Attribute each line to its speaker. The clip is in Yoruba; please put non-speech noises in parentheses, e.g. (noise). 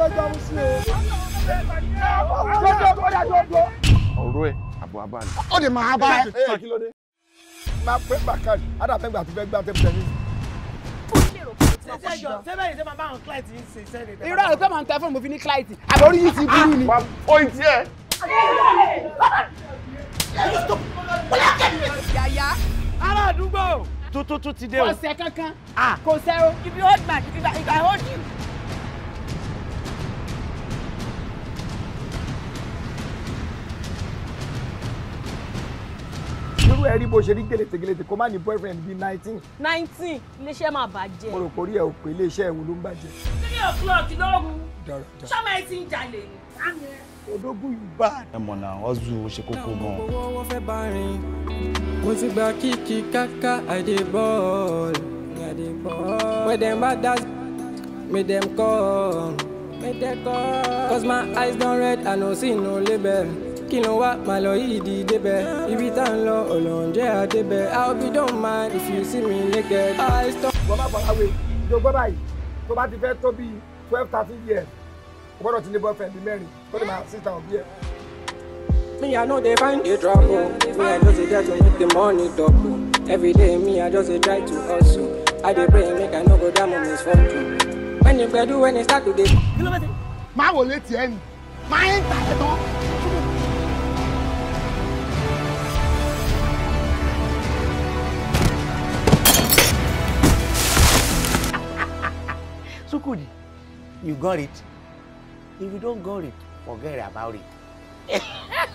Speaker 1: lọ́jọ́ mú sí o. lọ́jọ́ kọ́dà tó dọ́. ọ̀rọ̀ ẹ̀ àbọ̀ abá ni. ó lè máa bá ẹ. ẹ kí ló dé. máa pẹ́ bàkàrì adàfẹ́gbà àti fẹ́gbà tẹ́ tẹ́ irọ́ ẹ̀ pé màá tẹ fún mi fi ní client àbórí yìí ti burú ni. o ì tiẹ̀. yàyà ará àdúgbò. tuntun tún ti dé o. kò sẹ́ kankan ah. kò sẹ́ o if you hold my if I hold you. ẹ rí bó ṣe rí gèlètègèlètè kó má ní boyfriend bíi nineteen. nineteen iléeṣẹ́ máa bàjẹ́. mo rò pé orí ẹ̀ pé iléeṣẹ́ ìwò ló ń bàjẹ́.
Speaker 2: three o'clock lóru sọ́mọ ẹ ti ń jalè odógún yìí bá. ẹ mọ̀ náà wọ́n zu ṣe kókó gan. wọ́n fẹ́ bá rìn mo ti gba kíkì káká àdé bọ́ọ̀lù àdé bọ́ọ̀lù. wẹ́dẹ̀ bá dá make dem come make dem come cause my eyes don red i no see no label kí ló wá máa lọ yìí di débẹ̀ ibi tá ń lọ ọ̀lànjẹ́ àdébẹ̀ i'll be don't mind if you see me naked. wọ́n má fara wé ìjọ gbọ́ báyìí tó bá ti fẹ́ tó
Speaker 1: bíi twelve thirteen years kò gbọ́dọ̀ ti ní boyfriend ní mẹ́rin kó lè máa sísá òbí ẹ̀.
Speaker 2: Me, I know they find the trouble. Me, I just try to make the money double. Every day, me, I just try to hustle. I dey pray make I no go down on misfortune. When you gbedu, when you start to dey. Kí ló fẹ́ ṣe? Máa wò létí ẹni, máa ń tà ẹ̀ tán.
Speaker 1: good. You got it. If you don't got it, forget about it. (laughs)